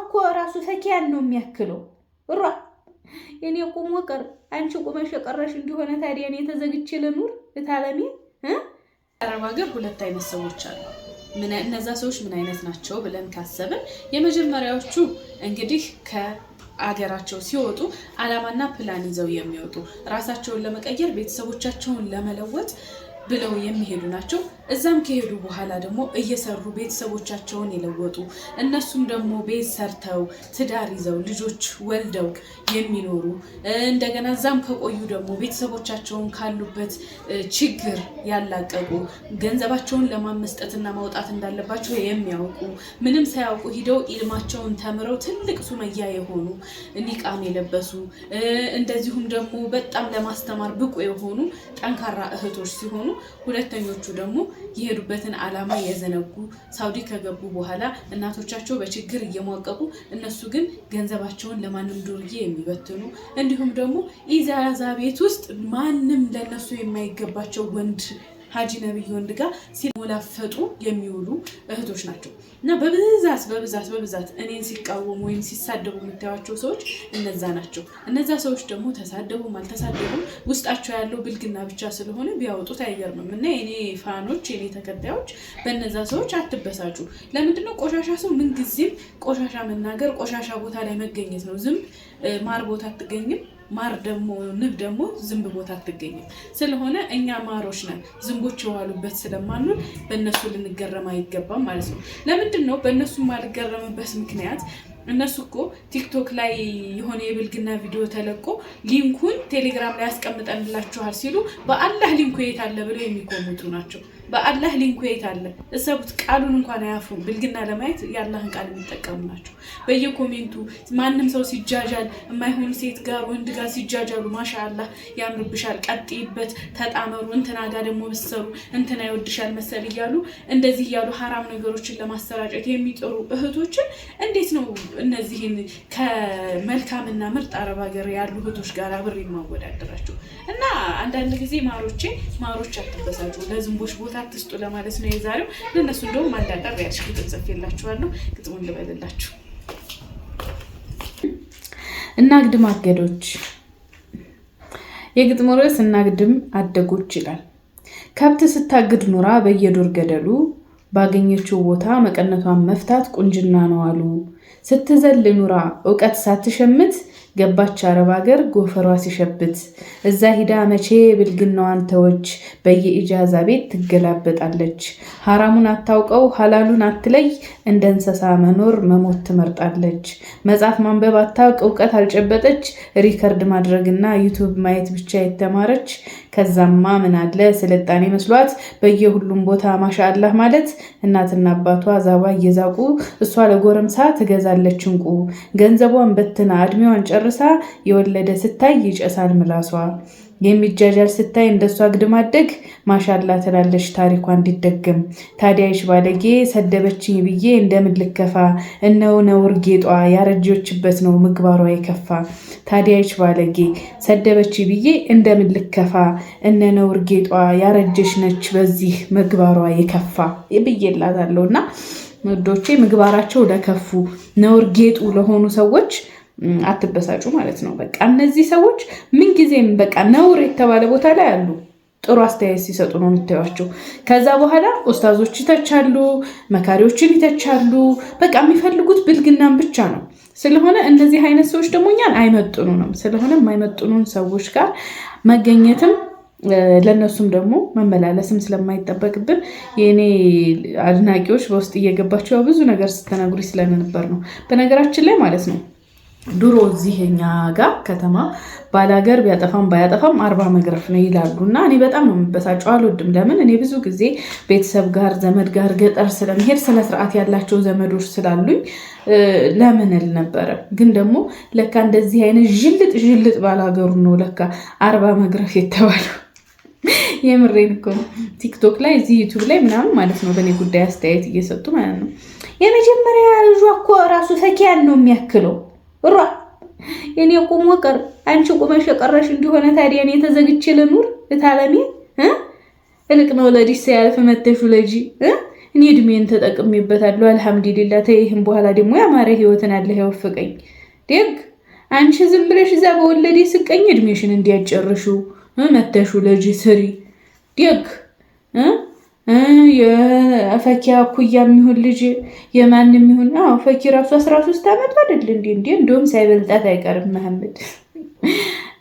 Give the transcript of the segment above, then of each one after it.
እኮ ራሱ ፈኪያን ነው የሚያክለው። እሯ እኔ ቁሞ ቀር አንቺ ቁመሽ የቀረሽ እንዲሆነ ታዲያ እኔ ተዘግቼ ለኑር እታለሜ። አረብ ሀገር ሁለት አይነት ሰዎች አሉ። እነዛ ሰዎች ምን አይነት ናቸው ብለን ካሰብን የመጀመሪያዎቹ እንግዲህ ከአገራቸው ሲወጡ አላማና ፕላን ይዘው የሚወጡ ራሳቸውን ለመቀየር ቤተሰቦቻቸውን ለመለወጥ ብለው የሚሄዱ ናቸው። እዛም ከሄዱ በኋላ ደግሞ እየሰሩ ቤተሰቦቻቸውን የለወጡ እነሱም ደግሞ ቤት ሰርተው ትዳር ይዘው ልጆች ወልደው የሚኖሩ እንደገና እዛም ከቆዩ ደግሞ ቤተሰቦቻቸውን ካሉበት ችግር ያላቀቁ ገንዘባቸውን ለማመስጠትና ማውጣት እንዳለባቸው የሚያውቁ ምንም ሳያውቁ ሂደው ኢልማቸውን ተምረው ትልቅ ሱመያ የሆኑ ኒቃም የለበሱ እንደዚሁም ደግሞ በጣም ለማስተማር ብቁ የሆኑ ጠንካራ እህቶች ሲሆኑ ሁለተኞቹ ደግሞ የሄዱበትን ዓላማ የዘነጉ ሳውዲ ከገቡ በኋላ እናቶቻቸው በችግር እየሟቀቁ እነሱ ግን ገንዘባቸውን ለማንም ዱርዬ የሚበትኑ እንዲሁም ደግሞ ኢዛዛ ቤት ውስጥ ማንም ለነሱ የማይገባቸው ወንድ ሀጂ ነብይ ወንድ ጋር ሲሞላፈጡ የሚውሉ እህቶች ናቸው እና በብዛት በብዛት በብዛት እኔን ሲቃወሙ ወይም ሲሳደቡ የምታዩቸው ሰዎች እነዛ ናቸው። እነዛ ሰዎች ደግሞ ተሳደቡም አልተሳደቡም ውስጣቸው ያለው ብልግና ብቻ ስለሆነ ቢያወጡት አይገርምም። እና የኔ ፋኖች የኔ ተከታዮች በእነዛ ሰዎች አትበሳጩ። ለምንድነው ቆሻሻ ሰው ምንጊዜም ቆሻሻ መናገር ቆሻሻ ቦታ ላይ መገኘት ነው። ዝም ማር ቦታ አትገኝም። ማር ደግሞ ንብ ደግሞ ዝንብ ቦታ አትገኝም። ስለሆነ እኛ ማሮች ነን ዝንቦች የዋሉበት ስለማንሆን በእነሱ ልንገረም አይገባም ማለት ነው። ለምንድን ነው በእነሱ የማልገረምበት ምክንያት? እነሱ እኮ ቲክቶክ ላይ የሆነ የብልግና ቪዲዮ ተለቆ ሊንኩን ቴሌግራም ላይ ያስቀምጠንላችኋል ሲሉ በአላህ ሊንኩ የት አለ ብለው የሚቆሙቱ ናቸው። በአላህ ሊንኩ የት አለ? እሰቡት። ቃሉን እንኳን አያፉም። ብልግና ለማየት የአላህን ቃል የሚጠቀሙ ናቸው። በየኮሜንቱ ማንም ሰው ሲጃጃል የማይሆን ሴት ጋር ወንድ ጋር ሲጃጃሉ ማሻላ ያምርብሻል፣ ቀጥይበት፣ ተጣመሩ፣ እንትና ጋር ደግሞ መሰሩ፣ እንትና ይወድሻል መሰል እያሉ እንደዚህ እያሉ ሀራም ነገሮችን ለማሰራጨት የሚጥሩ እህቶችን እንዴት ነው እነዚህን ከመልካምና ምርጥ አረብ ሀገር ያሉ እህቶች ጋር ብር የማወዳደራቸው እና አንዳንድ ጊዜ ማሮቼ ማሮች አትበሳጩ፣ ለዝንቦች ቦታ አትስጡ ለማለት ነው የዛሬው። ለእነሱ እንደውም አንዳንዳር ያልሽ ግጥም ጽፌላችኋለሁ። ግጥሙን ልበልላችሁ እና ግድም አገዶች የግጥሙ ርዕስ እናግድም አደጎች ይላል። ከብት ስታግድ ኑራ በየዱር ገደሉ ባገኘችው ቦታ መቀነቷን መፍታት ቁንጅና ነው አሉ። ስትዘል ኑራ እውቀት ሳትሸምት ገባች አረብ ሀገር ጎፈሯ ሲሸብት። እዛ ሂዳ መቼ ብልግናዋን ተወች፣ በየኢጃዛ ቤት ትገላበጣለች። ሐራሙን አታውቀው ሐላሉን አትለይ፣ እንደ እንስሳ መኖር መሞት ትመርጣለች። መጽሐፍ ማንበብ አታውቅ እውቀት አልጨበጠች፣ ሪከርድ ማድረግና ዩቱብ ማየት ብቻ የተማረች ከዛማ ምን አለ ስልጣኔ መስሏት በየሁሉም ቦታ ማሻአላህ ማለት እናትና አባቷ ዛባ እየዛቁ እሷ ለጎረምሳ ትገዛለች እንቁ ገንዘቧን በትና እድሜዋን ጨርሳ የወለደ ስታይ ይጨሳል ምላሷ የሚጃጃል ስታይ እንደሱ አግድ ማደግ ማሻላ ትላለች ታሪኳ እንዲደግም። ይሽ ባለጌ ሰደበችኝ ብዬ እንደምን ልከፋ? እነው ነውር ጌጧ ያረጀችበት ነው ምግባሯ የከፋ። ታዲያ ይሽ ባለጌ ሰደበች ብዬ እንደምን ልከፋ? እነ ነውር ጌጧ ያረጀች ነች በዚህ ምግባሯ የከፋ ብዬላታለሁ እና ወዶቼ ምግባራቸው ለከፉ ነውር ጌጡ ለሆኑ ሰዎች አትበሳጩ ማለት ነው። በቃ እነዚህ ሰዎች ምንጊዜም በቃ ነውር የተባለ ቦታ ላይ አሉ። ጥሩ አስተያየት ሲሰጡ ነው የምታዩቸው። ከዛ በኋላ ኡስታዞች ይተቻሉ፣ መካሪዎችን ይተቻሉ። በቃ የሚፈልጉት ብልግናን ብቻ ነው። ስለሆነ እነዚህ አይነት ሰዎች ደግሞ እኛን አይመጥኑንም። ስለሆነ የማይመጥኑን ሰዎች ጋር መገኘትም ለእነሱም ደግሞ መመላለስም ስለማይጠበቅብን የእኔ አድናቂዎች በውስጥ እየገባቸው ብዙ ነገር ስተናግሪ ስለነበር ነው በነገራችን ላይ ማለት ነው ድሮ እዚህ እኛ ጋር ከተማ ባላገር ቢያጠፋም ባያጠፋም አርባ መግረፍ ነው ይላሉ። እና እኔ በጣም ነው የምበሳጨው፣ አልወድም። ለምን እኔ ብዙ ጊዜ ቤተሰብ ጋር ዘመድ ጋር ገጠር ስለመሄድ ስነ ስርዓት ያላቸው ዘመዶች ስላሉኝ ለምን እል ነበረ። ግን ደግሞ ለካ እንደዚህ አይነት ዥልጥ ዥልጥ ባላገሩ ነው ለካ አርባ መግረፍ የተባለው። የምሬን እኮ ቲክቶክ ላይ እዚህ ዩቱብ ላይ ምናምን ማለት ነው በእኔ ጉዳይ አስተያየት እየሰጡ ማለት ነው። የመጀመሪያ ልጇ እኮ ራሱ ፈኪያን ነው የሚያክለው ሯ እኔ ቁሞ ቀር አንቺ ቁመሽ የቀረሽ እንደሆነ ታዲያ እኔ ተዘግቼ ልኑር እታለሜ እልቅ መውለድሽ ሳያልፍ መተሹ ለጂ እኔ እድሜን ተጠቅሜበታለሁ። አልሐምዱሊላ ተይህም በኋላ ደግሞ ያማረ ህይወትን አለህ ያወፈቀኝ ደግ አንቺ ዝም ብለሽ እዛ በወለዴ ስቀኝ እድሜሽን እንዲያጨርሹ መተሹ ለጂ ስሪ ደግ የፈኪያ እኩያ የሚሆን ልጅ የማን የሚሆን ፈኪ ራሱ አስራ ሶስት ዓመት አይደል እንዲ እንዲ እንዲሁም ሳይበልጣት አይቀርም መሐመድ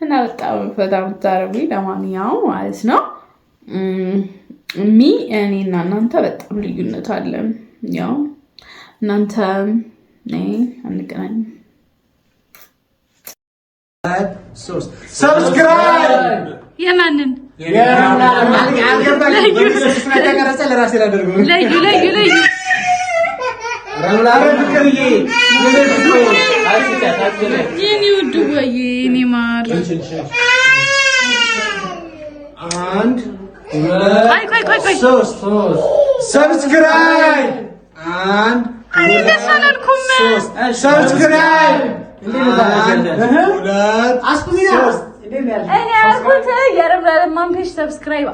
እና በጣም በጣም ምታረጉ። ለማንኛውም ማለት ነው እሚ እና እናንተ በጣም ልዩነት አለ። ያው እናንተ አንገናኝም የማንን ለዩ ለዩ ለዩ የኔ ሰብስክራይብ እኔ ያልኩት የርብረርማን ፔጅ ሰብስክራይብ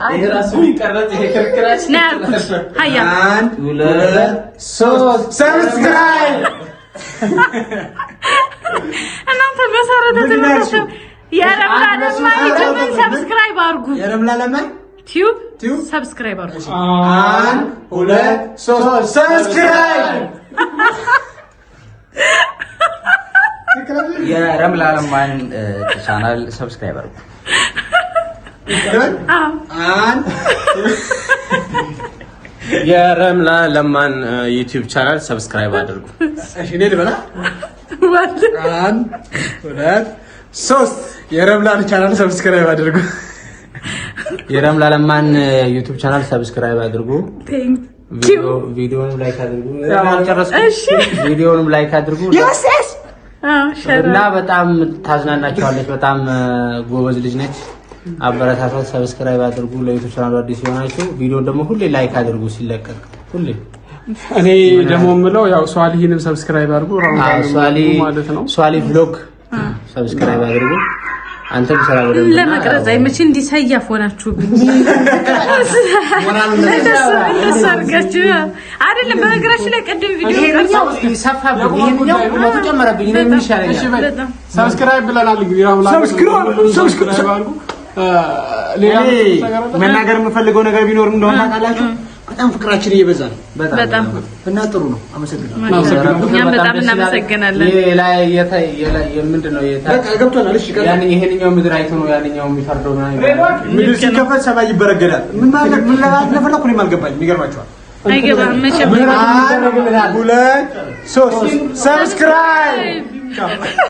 እናንተ መሰረተ ትምህርት የረብላለማ ዩቲዩብን ሰብስክራይብ አድርጉ። የረብላለማ ዩቲዩብ ሰብስክራይብ አድርጉ። አንድ ሁለት ሶስት ሰብስክራይብ የረምል አለማን ቻናል ሰብስክራይበር አድርጉ። የረምላ ለማን ዩቲዩብ ቻናል ሰብስክራይብ አድርጉ። እሺ እኔ ልበላ አንድ ሁለት ሶስት። የረምላን ቻናል ሰብስክራይብ አድርጉ። የረምላ ለማን ዩቲዩብ ቻናል ሰብስክራይብ አድርጉ። ቪዲዮውንም ላይክ አድርጉ። እሺ ቪዲዮውንም ላይክ አድርጉ። እና በጣም ታዝናናቸዋለች። በጣም ጎበዝ ልጅ ነች። አበረታታት። ሰብስክራይብ አድርጉ። ለዩቱ ቻናሉ አዲስ የሆናችሁ ቪዲዮ ደግሞ ሁሌ ላይክ አድርጉ ሲለቀቅ ሁሌ። እኔ ደግሞ የምለው ያው ሷሊህንም ሰብስክራይብ አድርጉ ማለት ነው። ሷሊ ቭሎግ ሰብስክራይብ አድርጉ። አንተ ብሰራ ወደ ለመቅረጽ አይመች እንዲህ ሰያፍ ሆናችሁብኝ። አይደለም በነገራችን ላይ ቅድም ቪዲዮ መናገር የምፈልገው ነገር ቢኖርም እንደሆነ ታውቃላችሁ በጣም ፍቅራችን እየበዛ ነው። በጣም እና ጥሩ ነው። አመሰግናለሁ። እኛም በጣም እናመሰግናለን። ገብቶናል። ይሄንኛው ምድር አይቶ ነው ያንኛው የሚፈርደው። ምድር ሲከፈት ሰማይ ይበረገዳል። ምን ለፈለኩ እኔም አልገባኝም። ይገርማቸዋል። አይገባም። ሁለት ሶስት ሰብስክራይብ